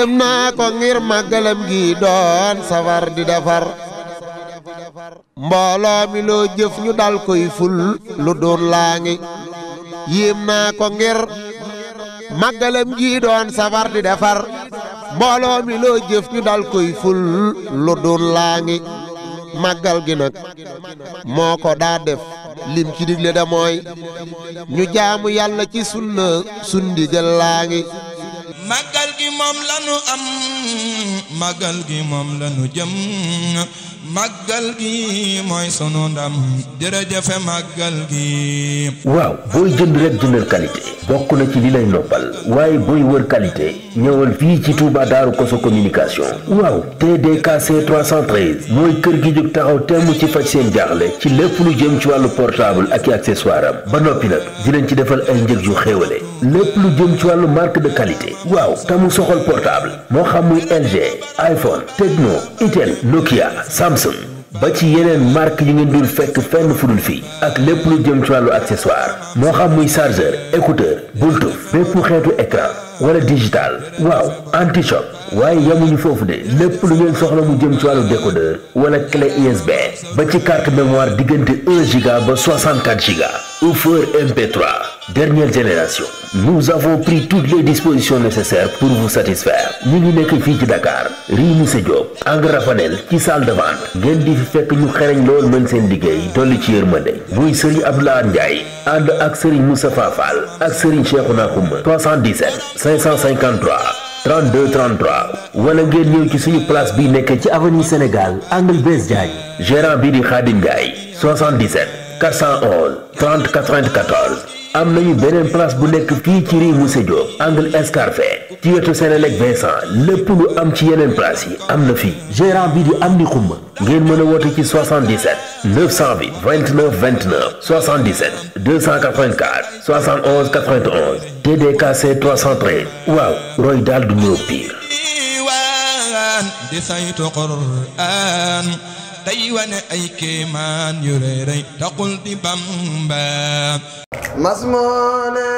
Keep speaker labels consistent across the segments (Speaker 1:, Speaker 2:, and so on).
Speaker 1: dem ngir màggalam gi doon safar di defar mbooloo mi loo jëf ñu dal koy ful lu doon laa ngi yéem ko ngir màggalam gi doon safar di defar mbooloo mi dal koy lu doon laa màggal gi nag moo ko daa def lim ci digle da ñu jaamu yàlla ci sunna sundigal laa ngi
Speaker 2: nu am màggal gi moom la nu jëm màggal gi mooy sunu ndam jërëjëfe màggal gi
Speaker 3: waaw booy jënd rek jëndal qualité bokk na ci li lay noppal waaye booy wër qualité ñëwal fii ci Touba Daaru Koso communication waaw TDKC 313 mooy kër gi jóg taxaw temm ci faj seen jaaxle ci lépp lu jëm ci wàllu portable ak i accessoire am ba noppi nag dinañ ci defal ay njëg yu xéewale lépp lu jëm ci wàllu marque de qualité waaw tamu soxal portable moo xam muy LG iPhone Tecno Itel Nokia Samsung ba ci yeneen marque yu ngeen dul fekk fenn fudul fii ak lépp lu jëm ci wàllu accessoire moo xam muy chargeur écouteur Bluetooth bépp xeetu écran wala digital waaw anti choc waaye yamuñu foofu de lépp lu ngeen soxla mu jëm ci wàllu décodeur wala clé ba ci carte mémoire diggante 1 giga ba 64 giga offert MP3 dernière génération nous avons pris toutes les dispositions nécessaires pour vous satisfaire ñu ngi nekk fii ci Dakar rue Moussa Diop angle Ravanel ci salle de vente ngeen di fi fekk ñu xereñ lool mën seen liggéey dolli ci yërmande muy Serigne Abdoulaye Ndiaye ànd ak Serigne Moustapha Fall ak Serigne Cheikhouna Kouma 77 553 32 33 wala ngeen ñëw ci suñu place bi nekk ci avenue Sénégal angle Blaise Diagne gérant bi di Khadim Ndiaye 77 411 30 am nañu beneen place bu nekk fii ci rue Moussa Diop angle escarpé ci wetu Sénélec Vincent lépp lu am ci yeneen place yi am na fii gérant bi di am ni xumba ngeen mën a woote ci 77 920 29 29 77 284 71 91 TDKC 313 waaw roy daal du ñëw pire.
Speaker 2: day wane ay kéemaan yu rëy rëy taxul di Bamba masmoone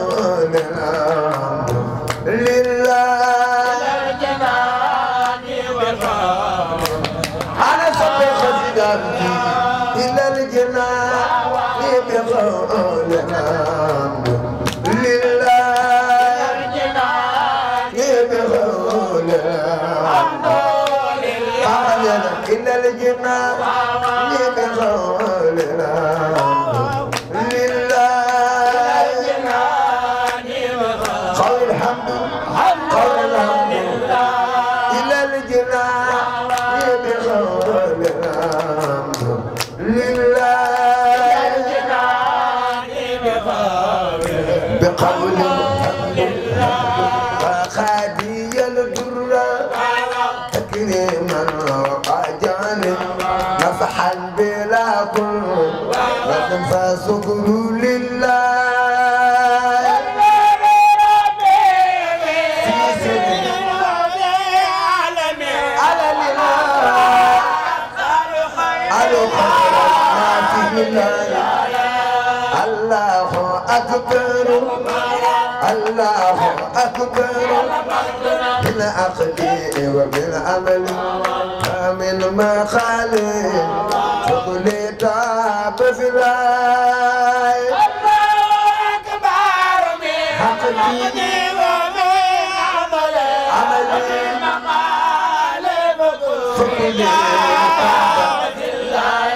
Speaker 2: إلا الجنة لك خولنا أكبر بالعقل وبالعمل فمن ما خالي فقلي تعب في الراي الله أكبر من حقي ومن عملي عملي مقالي فقلي تعب في الراي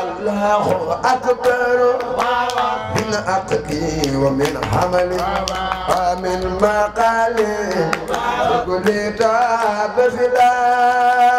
Speaker 2: الله أكبر
Speaker 1: أقدي ومن
Speaker 2: حملي ومن مقالي كل تعب في الأرض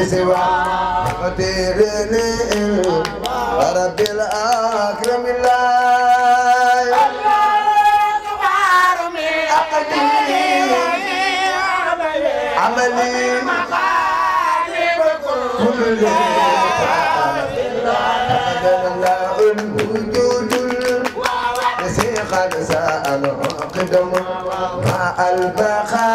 Speaker 2: بسوى خطير رب الأكرم الله عملي مقالب كل الله الوجود وسيخ نساء قدم مع البخار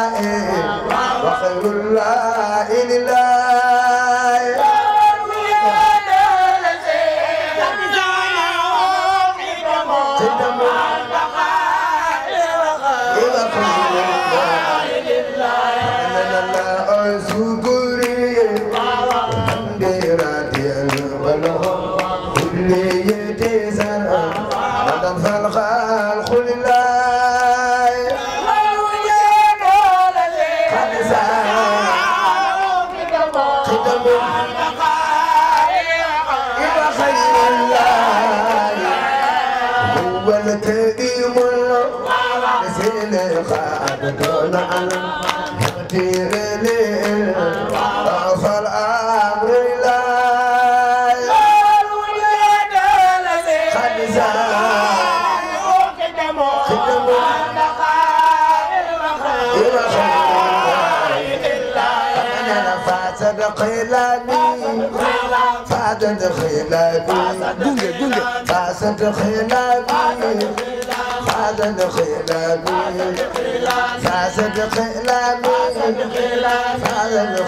Speaker 2: خلافي بعثة خلافي بعثة خلافي بعثة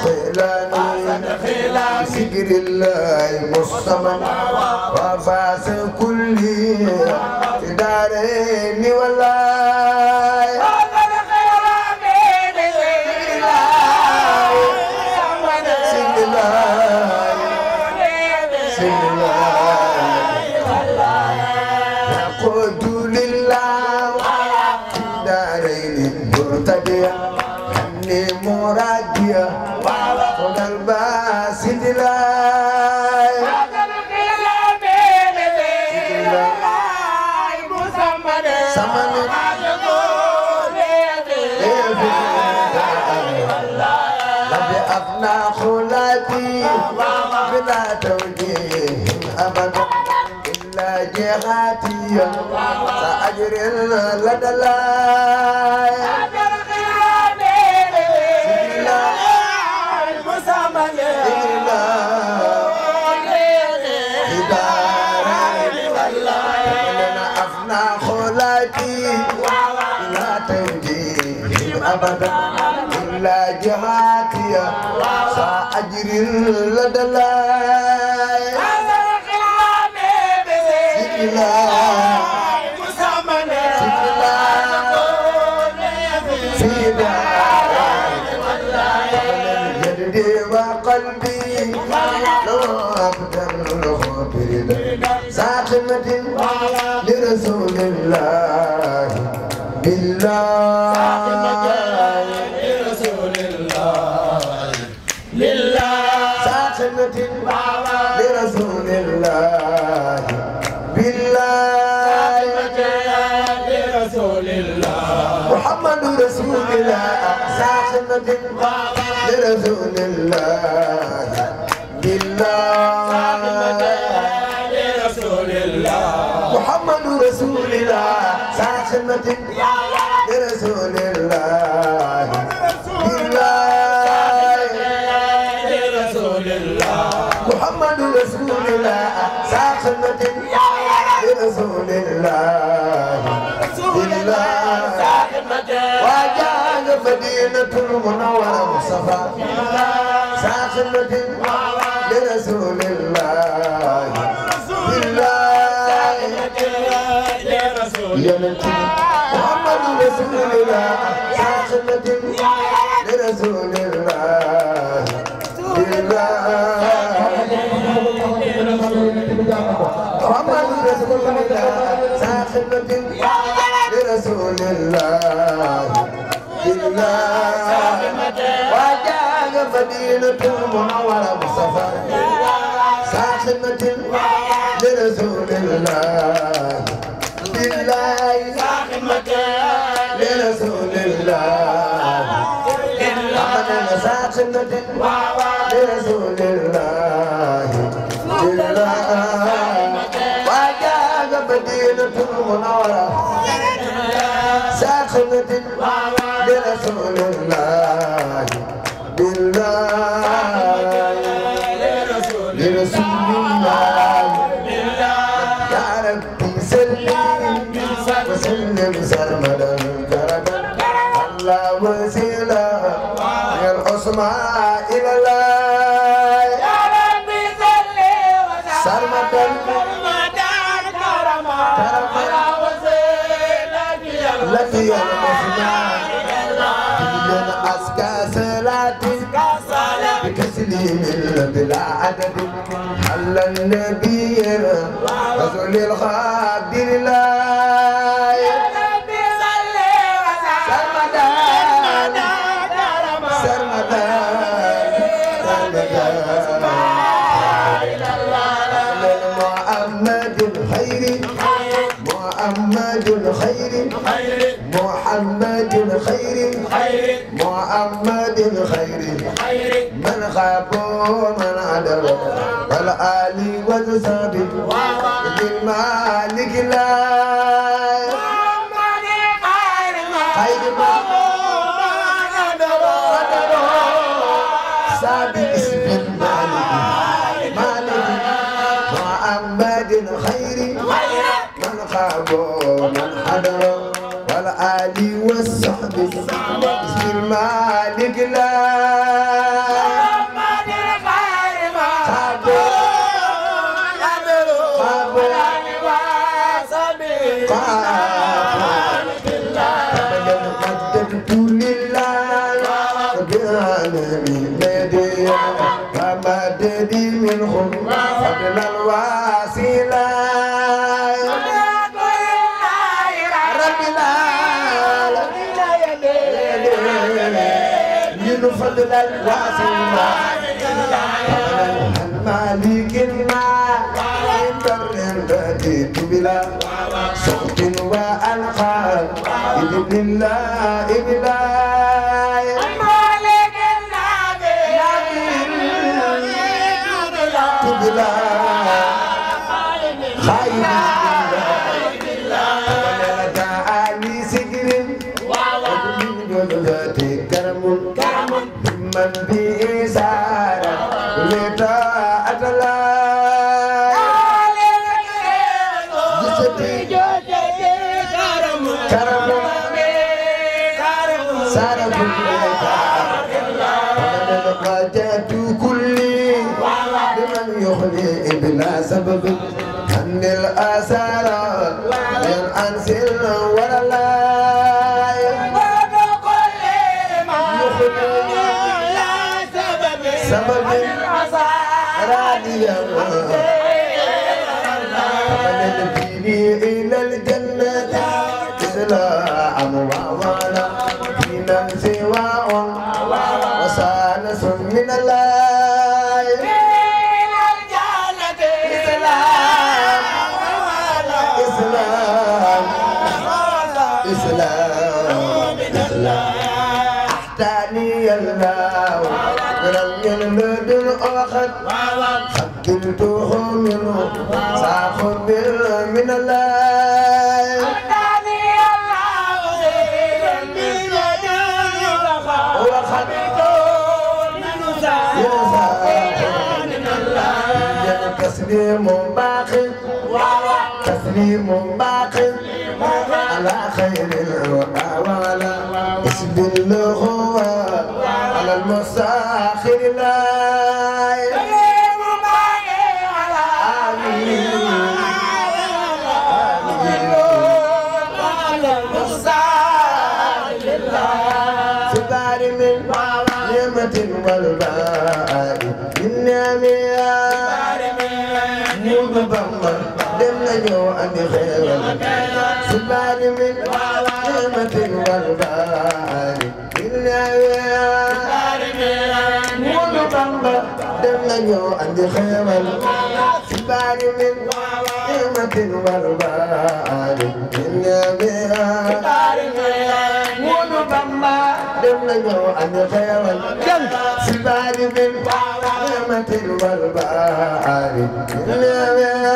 Speaker 2: خلافي بذكر الله مصطفى وفاس كل دارين والله لدى الله أبدا إلا جهاتي سأجري لدى الله لرسول الله لله لرسول الله محمد رسول الله ساخنة لرسول الله لرسول الله محمد رسول الله ساخنة لرسول الله لله ساخنة المدينة المنورة مصطفى ساخنة لرسول الله بالله يا محمد
Speaker 3: رسول الله ساخنة لرسول الله بالله
Speaker 2: محمد رسول الله ساخنة لرسول الله المدينة المنورة مصطفى ساخمة لرسول الله بالله ساخمة لرسول الله أمنا ساخمة لرسول الله بالله وجاء مدينة المنورة النبي رسول الخالق محمد صادق من مالك الله Sabe سبب راديا من البيبي إلى الجنة lii moom ami si baari min nimatin wal baari munu Bamba dem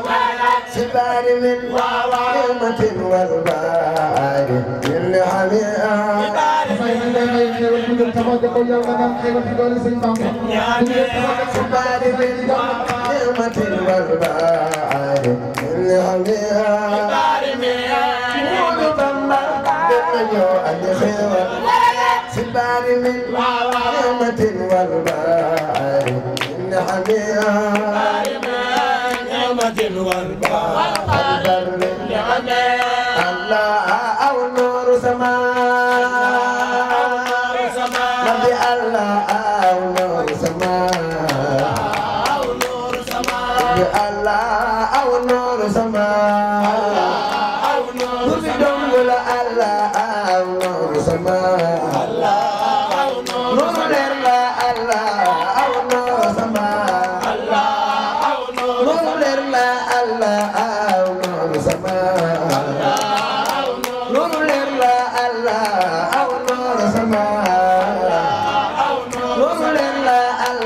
Speaker 2: الجبال من نعمة والبار من حمياء الجبال من نعمة والبار من حمياء البار من نعمة والبار من حمياء One.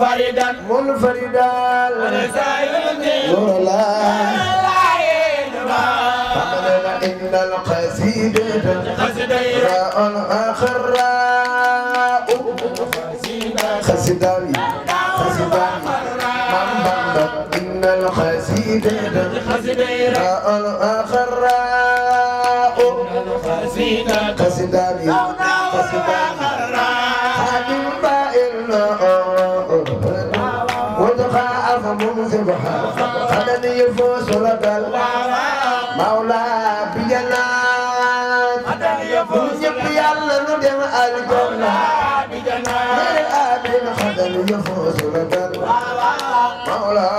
Speaker 2: منفردا منفردا نور لا فمن إن القصيدة راء آخر راء خسداوي خسداوي من بمبم إن القصيدة راء آخر الضحى أنني يفوز لدى مولى بجنات أنني يفوز يلا ندم الجنة للآمن خدم يفوز لدى مولى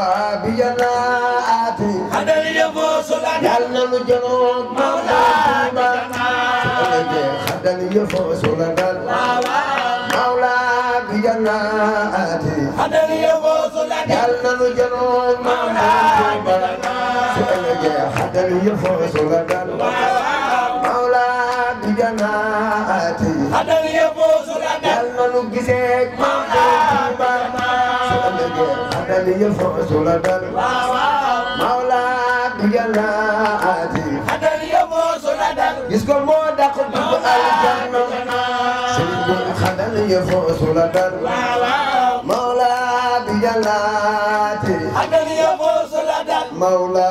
Speaker 2: بجنات أنني يفوز لدى يلا نجنون مولى بجنات خدم يفوز لدى يفوز لدن مولا بجناتي حقا يفوز لدن مولا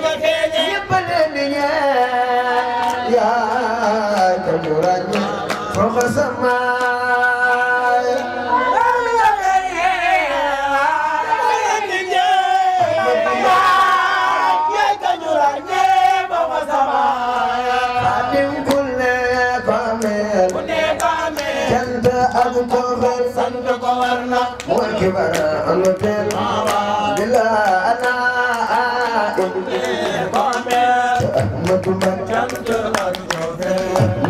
Speaker 2: Sama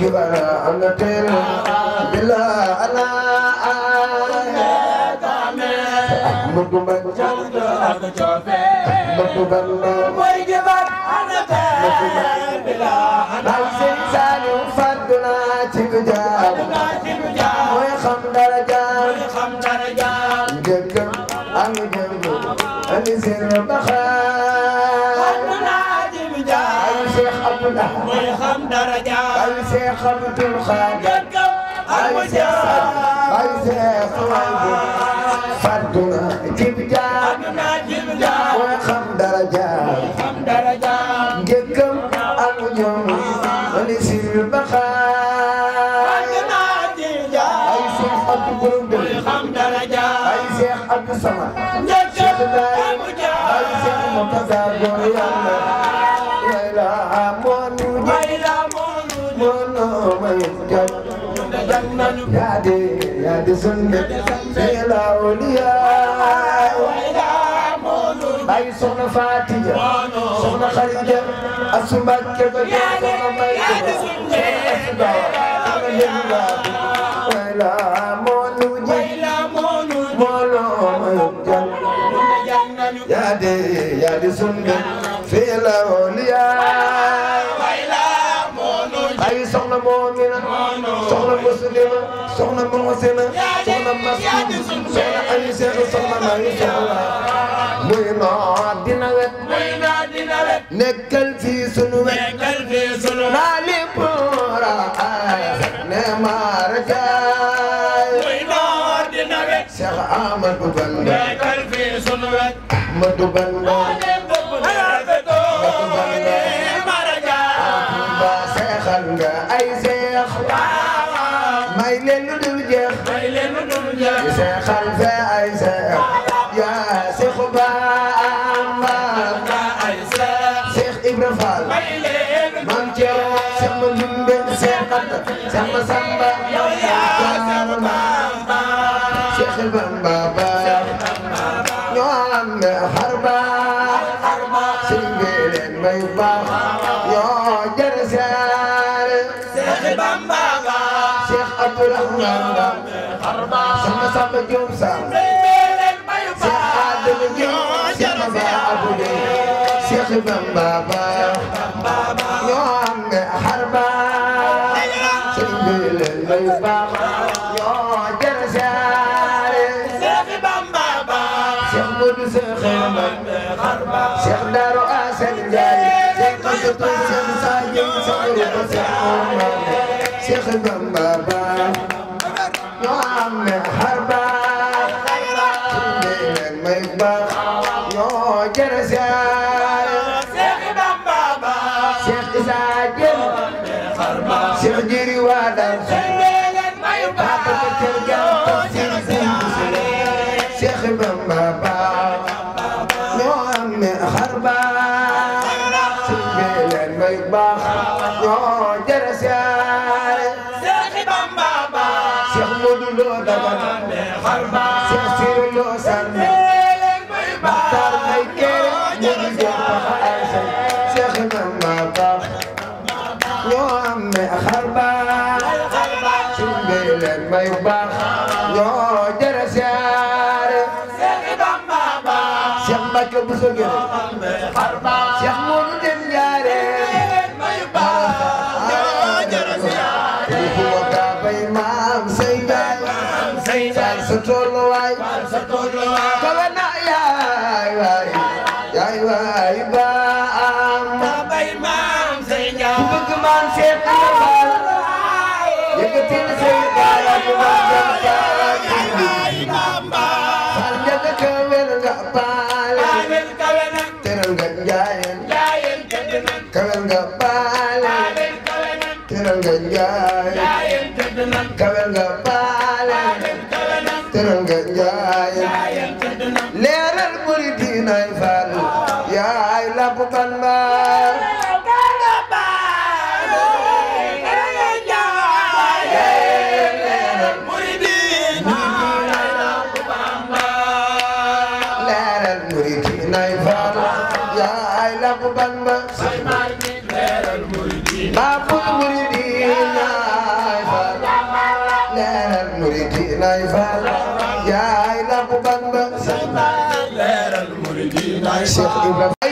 Speaker 2: كبر أنا تير بلا أنا أحمد من جود أكتوفي أحمد من مرجبا أنا تير بلا أنا سنسان فردنا تبجا mooy xam daraja al Seex Abdul Xaadir al Seex al Seex farduna jibja mooy xam daraja xam daraja njëkkam ak ñoom li si ba ay Seex Abdu borom dëgg xam daraja ay Seex Abdu sama njëkkam ay Seex Murtada سند إلى أولياء أي سنة فاتجة سنة خريجة أسمك كبير سنة ميتة سنة أسباب ولا مولود مولود يا دي يا دي سنة في الأولياء أي سنة مولود Moussena soxna Mas soxna Aliou Seydou soxna Mahi Soxna muy noo dina wet muy noo dina wet nekkal fii sunu wet nekkal fii sunu naa li poora ne maar jaay muy noo dina wet Cheikh Amadou Bamba nekkal fii sunu wet Amadou Bamba yimɓe sekata samba samba bamba cheikh bamba ba ño amɓe harba singeelen may ba yo jere sare cheikh bamba ba cheikh abdourahman ba samba samba jom sa Cheikh Bamba ko bu soo génnee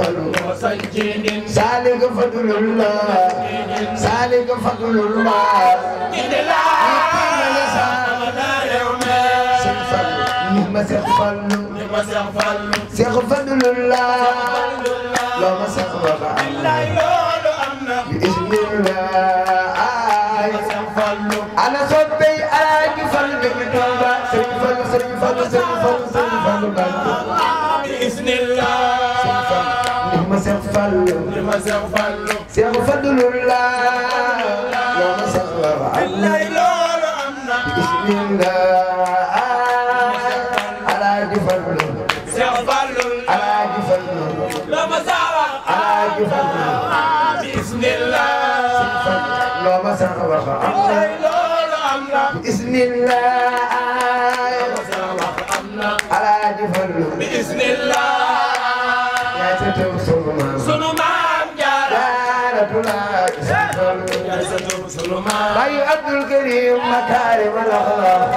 Speaker 2: falu salik fadlullah salik fadlullah ma seex fallu seex fadlullah loo ma seex baba bi ismillah ay ana soppey alaaji fallu bi Tuuba sëñ fallu sëñ fallu sëñ fallu fallu li ma seex fallu seex fadlullah loo ma sax la wa am na bismillah عبد الكريم مكارم الاخلاق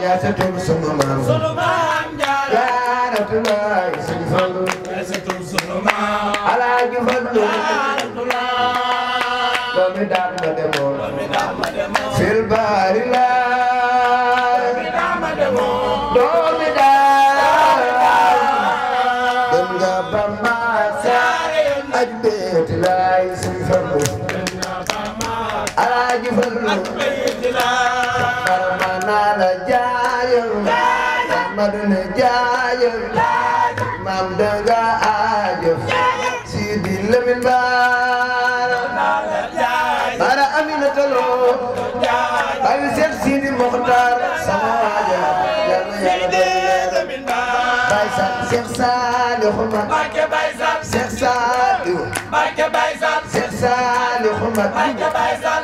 Speaker 2: يا ستم سلمان سلمان يا رب الله يسلم يا ستم سلمان على جفل ومدام مدمون في البحر لا Manana jaayam Maduna jaayam maam danga aajam Sidi Lamin Bara Bara Aminata Lo bayu seet Sidi Mokhtar sama waaja yàlla yàlla doon Baye Sall Cheikh Saliou Mbacké Baye Sall Cheikh Saliou Mbacké Baye Sall Cheikh Saliou Mbacké Baye Sall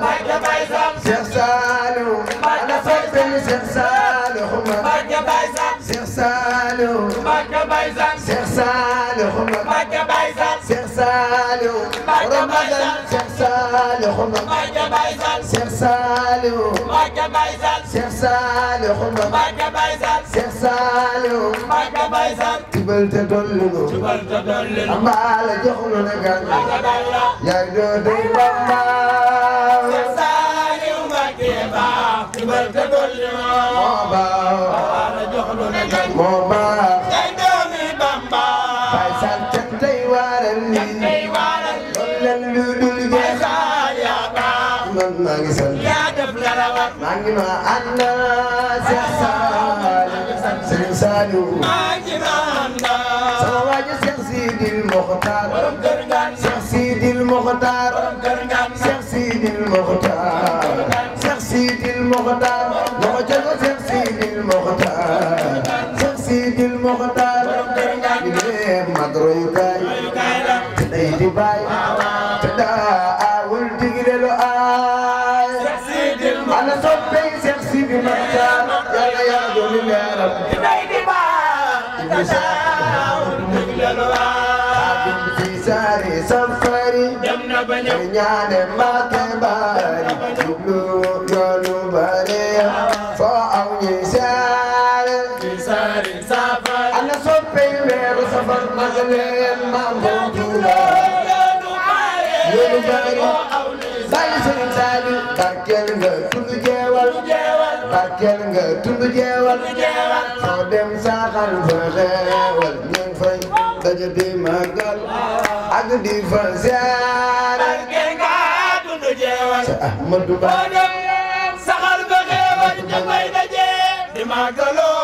Speaker 2: Baye Sall Cheikh Saliou Mbacké Baye Sall Cheikh Saliou Xumba Mbacké Baye Sall Cheikh Saliou Mbacké Baye Sall tibal te dolli nu tibal te dolli nu ambaala joxlu na gan yaay doo day bamba Cheikh Saliou Mbacké ba tibal te dolli nu moo baaw ambaala joxlu na gan moo baaw maa ngi ma ànda Seex Saaliw Sëriñ Saaliw maa ngi ma ànda sama waa ji Seex Sidil Moxtaar Seex Sidil Moxtaar Seex Sidil Moxtaar Seex Sidil نساء المجلل واب في ساري سفري دمنا بنيو jeewal soo dem saaxal fa xeewal ñu ngi fay daje di màggal oh. ak di fa siyaare nga dund jeewal sa Ahmadu Ba soo dem saxal fa xeewal ñu fay daje di màggaloo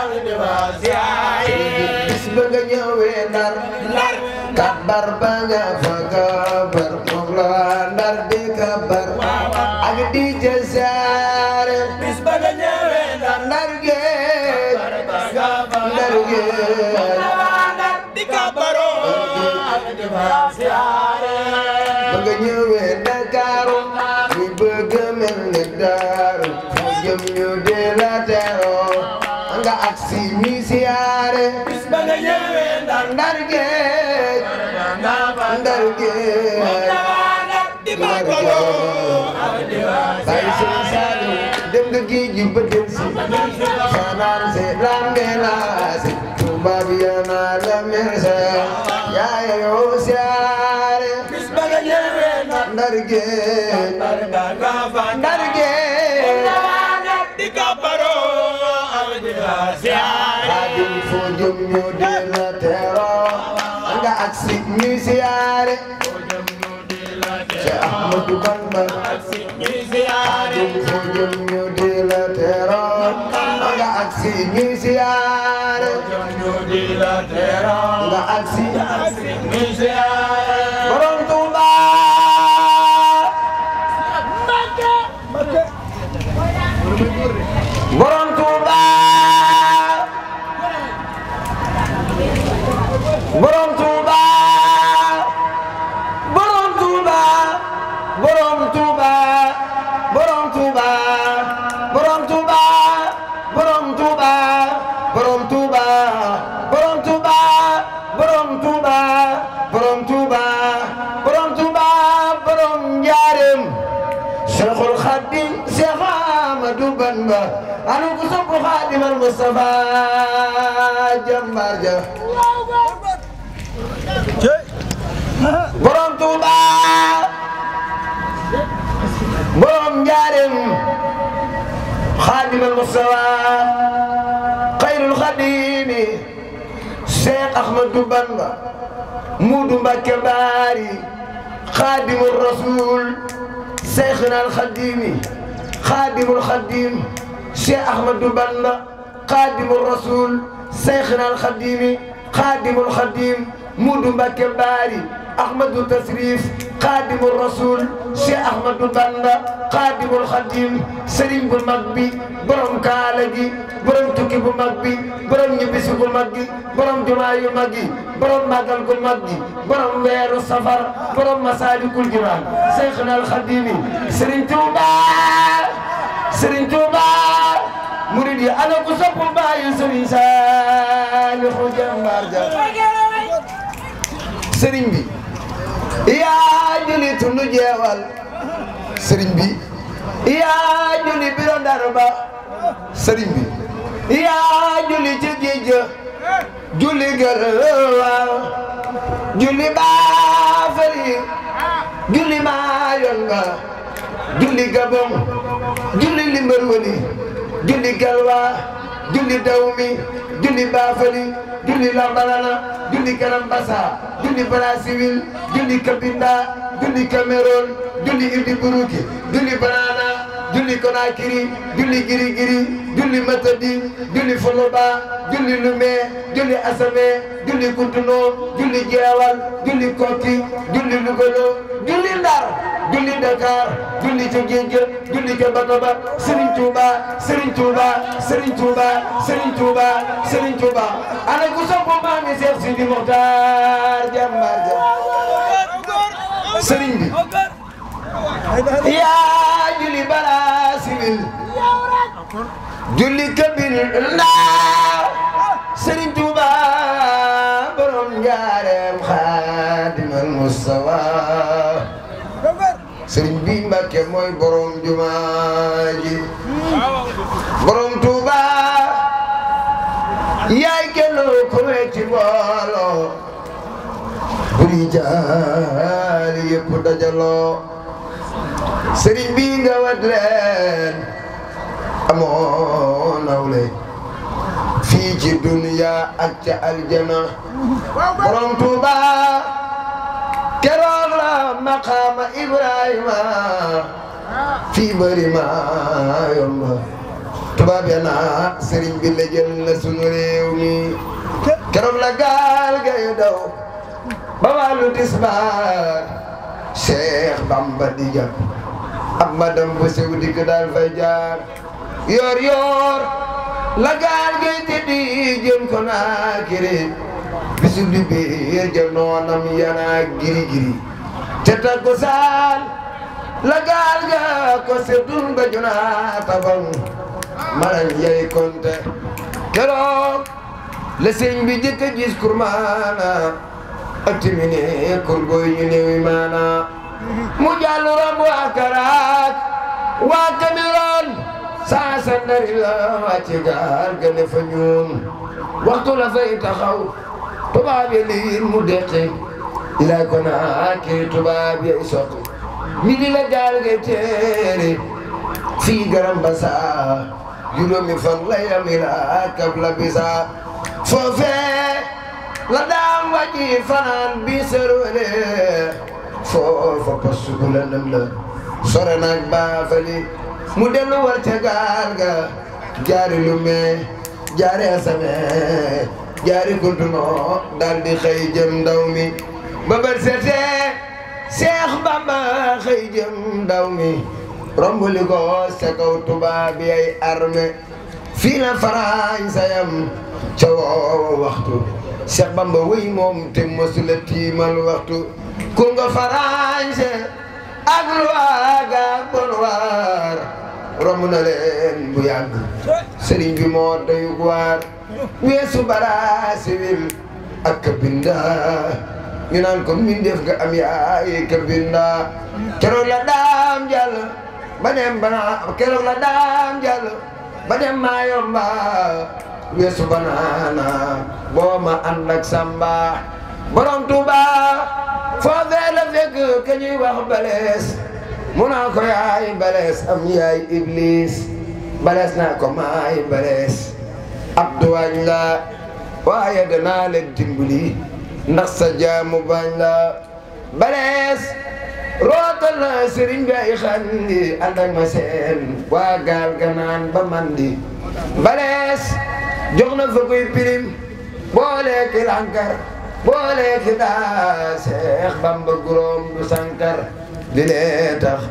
Speaker 2: ak di fa siyaare bis ba nga ñëwee ndar ndar kabar ba nga ba nga ñëwee Ndakaaru ñu bëgg mel ni daaru mu jëm ñu de la teroo nga ak si ñu siyaare ba nga ñëwee ndar ndar géej ndar géej di màggaloo bàyyi seen saalim dem nga géej yi ba dem si saanaan see ràmbee dargee dargee di ka baroo alxiraasiyaay xaadim foo jëm ñu di la teroo nga ak si ñuy siyaare
Speaker 3: Cheikh Ahmadou Bamba xaadim foo jëm ñu di
Speaker 2: la teroo nga ak si ñuy siyaare nga ak si ñuy siyaare خادم المستوى خير الخديم شيخ أحمد بن مود مكباري خادم الرسول شيخنا الخديم خادم الخديم شيخ أحمد بن خادم الرسول شيخنا الخديم خادم الخديم مود مكباري أحمد التسريف xaadimu rasul Cheikh bu mag bi borom kaala gi borom tukki bu mag bi borom ñibbisi bu mag gi borom jumaa yu mag yi borom màggal gu mag gi safar borom masaalikul jinaan Seyxna al Xadimi sëriñ Tuuba sëriñ Tuuba murid yi ana ku sopp bàyyi sëriñ Saalihu jàmbaar ja yaa juli tundu jeewal bi yaa juli biro ndarba sëriñ bi yaa juli ci géej juli gërëwaaw juli baafari juli maayon nga juli gabon juli limbarwali juli galwa julli baafali julli lambalana julli kalambasa julli brazzaville julli kabinda julli cameroun julli idi buruki julli banana julli Conakry julli Giri Giri julli Matadi julli Foloba julli Lumé julli Assamé julli Kountuno julli Jeewal julli Kokki julli Lugolo julli Ndar julli Dakar julli ca géej ga julli ca bato ba Serigne Touba Serigne Touba Serigne Touba Serigne Touba Serigne Touba ana ku sopp maami Cheikh Sidi Mokhtar jàmbaar ja yaa julli balaa sibil julli kabil naa Serigne Touba borom njaareem xaadimal mustawa Serigne bi Mbàkke mooy borom jumaa ji borom Touba yaay kellu ku ci mbooloo buri jaali yëpp dajaloo sëriñ bii nga wat leen amoo fii ci dunya ak ca aljana borom Tuuba maqaama Ibrahima fii bëri ma yomba tubaab ya naa sëriñ sunu réew mi gaal ga daw ba wàllu tisbaar Bamba di ab madam bu dikk daal fay yoor yoor la gaal gay teddi jëm ko naa kiri bisu di biir jël noonam yanaa giri giri te taggo la gaal ga ko seddun ba junaa tabam maran yay konte keroog la sëñ bi jëkk a gis kurmaana ak timine kurgoy ñu néewi maana مجال رب وكراك وكميرون ساسا نريلا واتيكار كنفنيون وقت لفيت خو تباب يلين مدقي إلا كناكي تباب يسوق ميلي لجال جتيري في غرام بسا يلومي فان لا يميلا كبلا بسا فوفي لدام وجي فنان بسرولي foofa post bu la sore naag baafali mu dellu ca gaal ga jaari lume jaari asame jaari kuntunoo daal di xëy jëm ndaw mi sete seex bamba xëy jëm ndaw rombuli ko sa kaw tubaab bi ay arme fii la Faransa kunga farañse ak luwaaga bon waar romb na leen bu yàgg sëriñ bi moo doyug waar weesu bara siwil ak ka binda ñu naan ko min def nga am yaay ka keroog la daam jàll ba dem bana keroog la daam jàll ba dem borom Touba foofee la fekk ke ñuy wax balees mu naa ko yaay balees am yaay iblis balees naa ko maay balees ab duwaañ la waaye danaa leen dimbali ndax sa jaamu la balees rootal na sëriñ bi ay xandi ànd ak ma waa gaal ganaan ba mandi balees jox na fa pirim boo lekki lànkar boolee fi daa seex bamba guróom du sankar li lee tax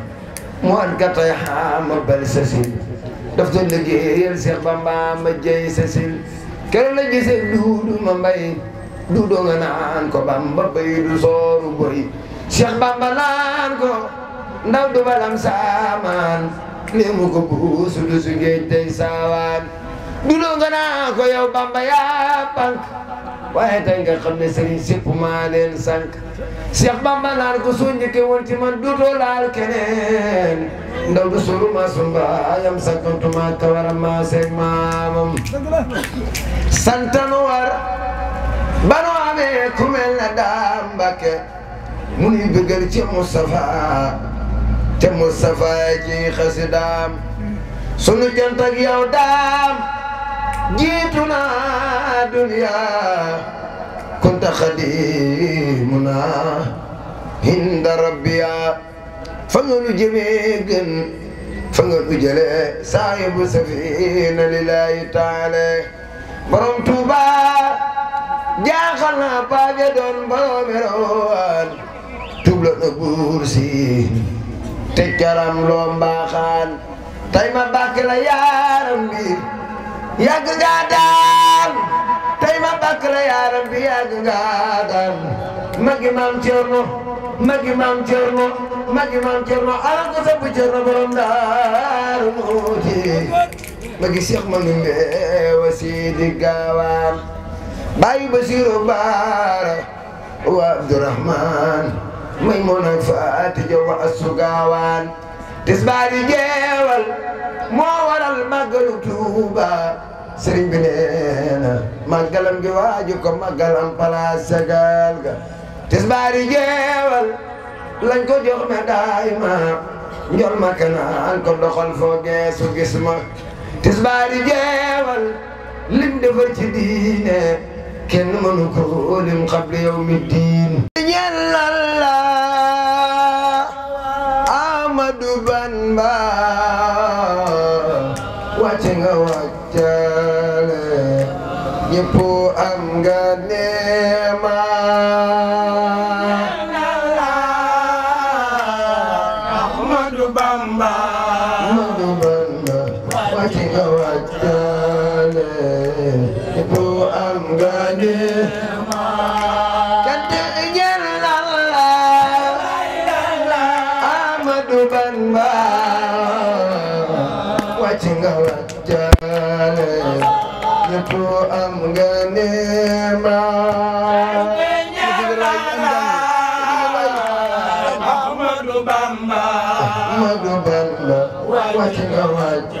Speaker 2: mu at gàttay xaama bal sasil daf doon liggéeyal seex bamba ma jëy sasil kere la gisee duudu ma mbay duudoo nga naan ko bamba bay du sooru boy seex bamba naan ko ndaw du balam saamaan léemu ko buusu du su géej tey saawaan duudoo nga naan ko yow bamba yaa waaye tey nga xam ne sëriñ sépp maa leen sànq Cheikh Bamba naan ko soo njëkkee woon ci man dootoo laal keneen ndaw du solu ma sumba ayam sakkantuma kawaram ma seeg maamam santanu war bano amee ku na daa Mbàkke mu nuy bëggal ci Moustapha te Moustapha ci xasidaam sunu jant ak yow daam جيتنا دنيا كنت خديمنا عند ربي فنقول جميعا فنقول جلي صاحب سفينة لله تعالى برم توبا جاخلنا باقي دون بروميروان تبلو نبورسي تجرم لوم باخان تايما باكلا يا ربي yàgg nga daan tey ma bàkk la yaaram bi yàgg nga daan magi maam Cerno magi maam Cerno magi maam Cerno ala ko sopp Cerno borom Daaru Muxti ma ngi meewa Sidi Gaawaan bàyyi Basiru Baara wa Abdurahmaan Maymuna Faati Jaw wa Asu Gaawaan tisbaari jeewal moo waral màggalu Tuuba sëriñ bi nee na gi waaju ko màggalam palaas sagal ga tisbaari jeewal lañ ko jox me daayima njol ma kanaan ko doxal foo geesu gis ma tisbaari jeewal lim defar ci diine kenn mënu ko lim xable yow mi diin ñellal la mbaa wàcce nga wàccale ñëpp tu am nga niimaa Ahmadu Bamba Ahmadu Bamba wàcc nga wàcc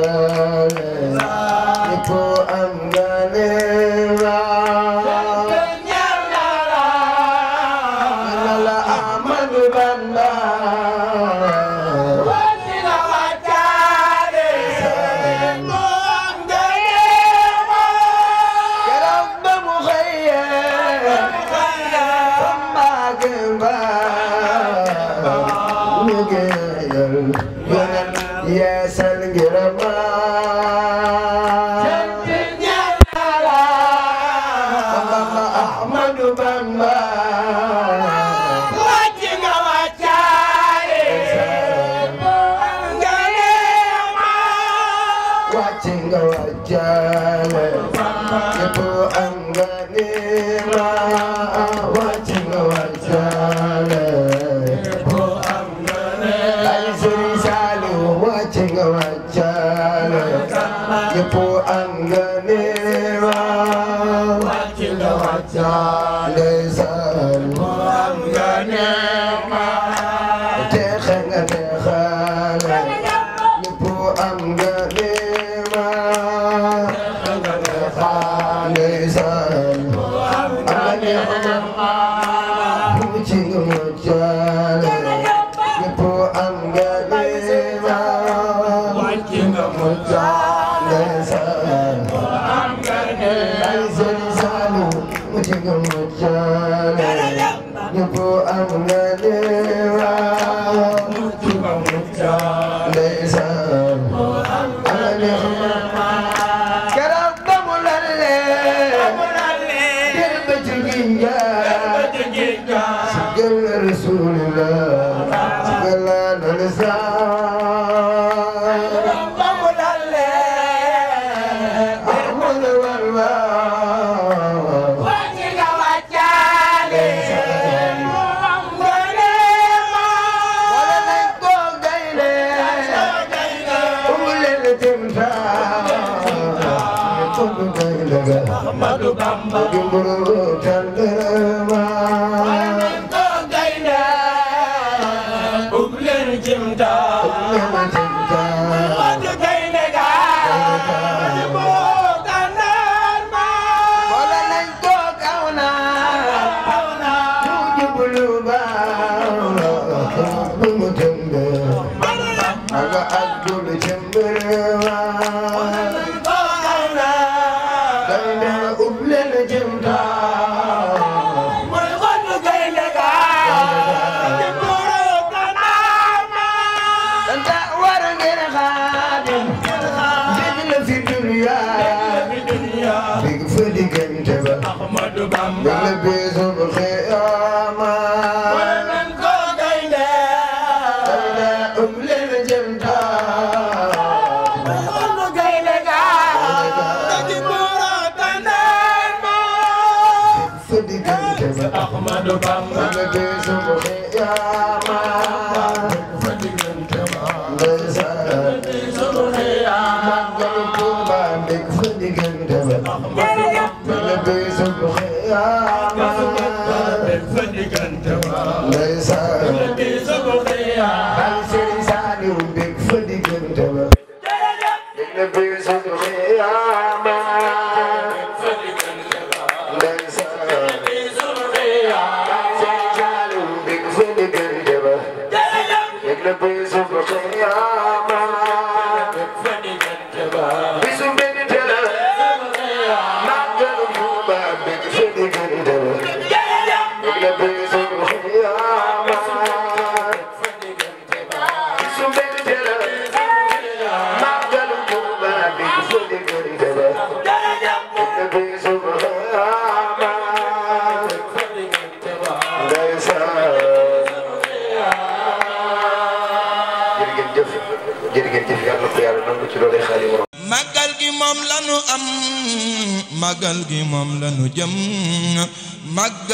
Speaker 2: ndeysaan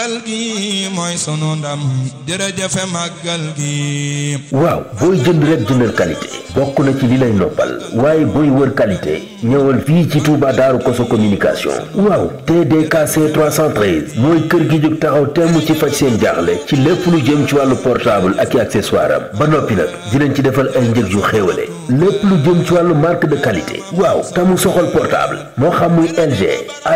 Speaker 2: màggal
Speaker 3: gi mooy sunu ndam jërëjëfe màggal gi waaw booy jënd rek jëndal qualité bokk na ci li lay noppal waaye booy wër qualité ñëwal fii ci Touba Daaru Koso communication waaw TDKC 313 mooy kër gi jóg taxaw temm ci faj seen jaaxle ci lépp lu jëm ci wàllu portable ak i accessoire am ba noppi nag dinañ ci defal ay njëg yu xéewale lépp lu jëm ci wàllu marque de qualité waaw tamu soxal portable moo xam muy LG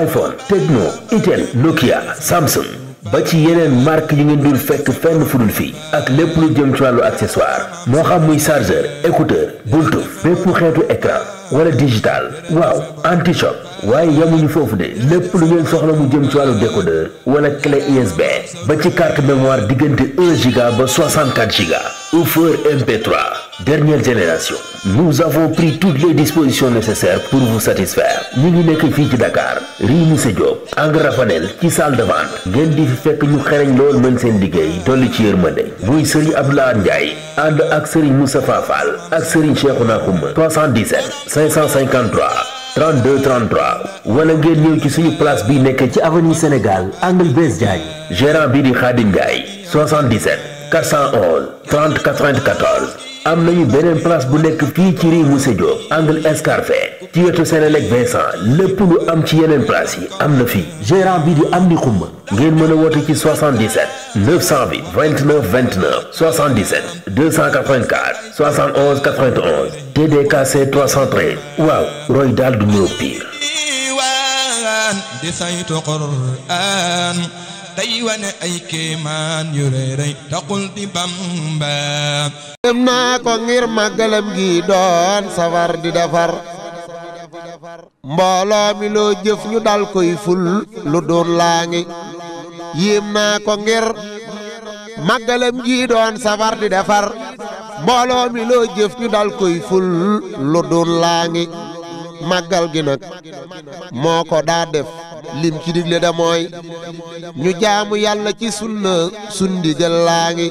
Speaker 3: iPhone Tecno Itel Nokia Samsung ba ci yeneen marque yu ngeen dul fekk fenn fudul fii ak lépp lu jëm ci wàllu accessoire moo xam muy chargeur écouteur bultuf bépp xeetu écran wala digital waaw anti choc waaye yamuñu foofu de lépp lu ngeen soxla mu jëm ci wàllu décodeur wala clé ba ci carte mémoire diggante 1 giga ba 64 giga offert MP3 dernière génération nous avons pris toutes les dispositions nécessaires pour vous satisfaire ñu ngi nekk fii ci Dakar rue Moussa Diop angle Ravanel ci salle ngeen di fi fekk ñu xereñ lool mën seen liggéey dolli ci yërmande muy Serigne Abdoulaye Ndiaye ànd ak Serigne Moustapha Fall ak Serigne Cheikhouna Kouma 77 553 32 33 wala ngeen ñëw ci suñu place bi nekk ci avenue Sénégal angle Blaise Diagne gérant bi di Khadim Ndiaye 77 411 30 94 am nañu beneen place bu nekk fii ci rue Moussa Diop angle escarpé ci wetu Sénélec Vincent lépp lu am ci yeneen place yi am na fii gérant bi di am ni xumba ngeen mën a woote ci 77 920 29 29 77 284 71 91 TDKC 313 waaw roy daal du ñëw pire.
Speaker 2: day wane ay kéemaan yu rëy rëy di Bamba
Speaker 1: dem ko ngir màggalam gi doon safar di defar mbooloo mi loo jëf ñu dal koy ful lu doon laa ko ngir màggalam gi doon safar di defar mbooloo loo jëf ñu dal koy ful lu doon ngi màggal gi nag moo ko daa def lim ci digle da ñu jaamu yàlla ci sunna sundi jël laa ngi